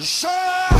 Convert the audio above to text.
up.